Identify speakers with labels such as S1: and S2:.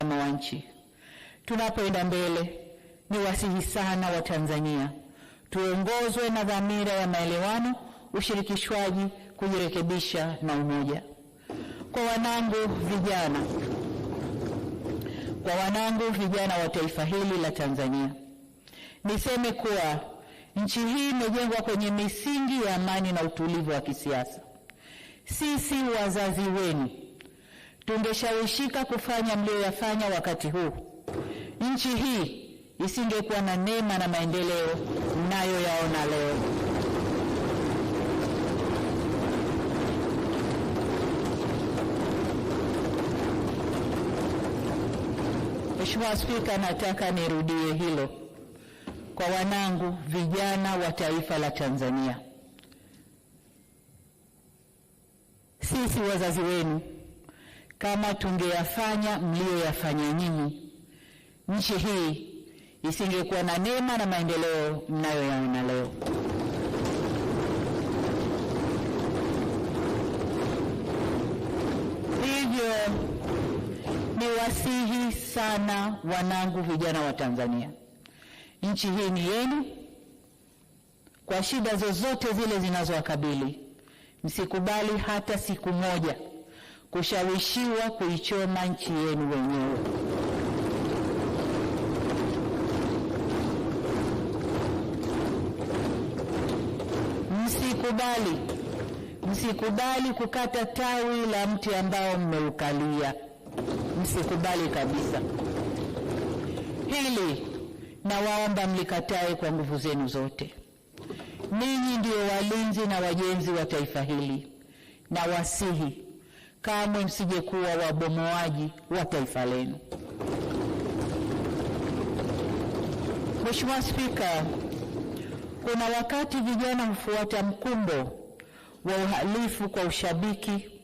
S1: kama wa nchi. Tunapoenda mbele, ni wasihi sana wa Tanzania tuongozwe na dhamira ya maelewano, ushirikishwaji, kujirekebisha na umoja. Kwa wanangu vijana, kwa wanangu vijana wa taifa hili la Tanzania, niseme kuwa nchi hii imejengwa kwenye misingi ya amani na utulivu wa kisiasa. Sisi wazazi wenu tungeshawishika kufanya mliyoyafanya wakati huu, nchi hii isingekuwa na neema na maendeleo mnayoyaona leo. Mheshimiwa Spika, nataka nirudie hilo kwa wanangu vijana wa taifa la Tanzania. Sisi wazazi wenu kama tungeyafanya mliyoyafanya nyinyi, nchi hii isingekuwa na neema na maendeleo mnayoyaona leo. Hivyo ni wasihi sana wanangu, vijana wa Tanzania, nchi hii ni yenu. Kwa shida zozote zile zinazowakabili, msikubali hata siku moja kushawishiwa kuichoma nchi yenu wenyewe. Msikubali, msikubali kukata tawi la mti ambao mmeukalia, msikubali kabisa hili. Nawaomba mlikatae kwa nguvu zenu zote. Ninyi ndio walinzi na wajenzi wa taifa hili, na wasihi kamwe msijekuwa wabomoaji wa taifa lenu. Mheshimiwa Spika, kuna wakati vijana hufuata mkumbo wa uhalifu kwa ushabiki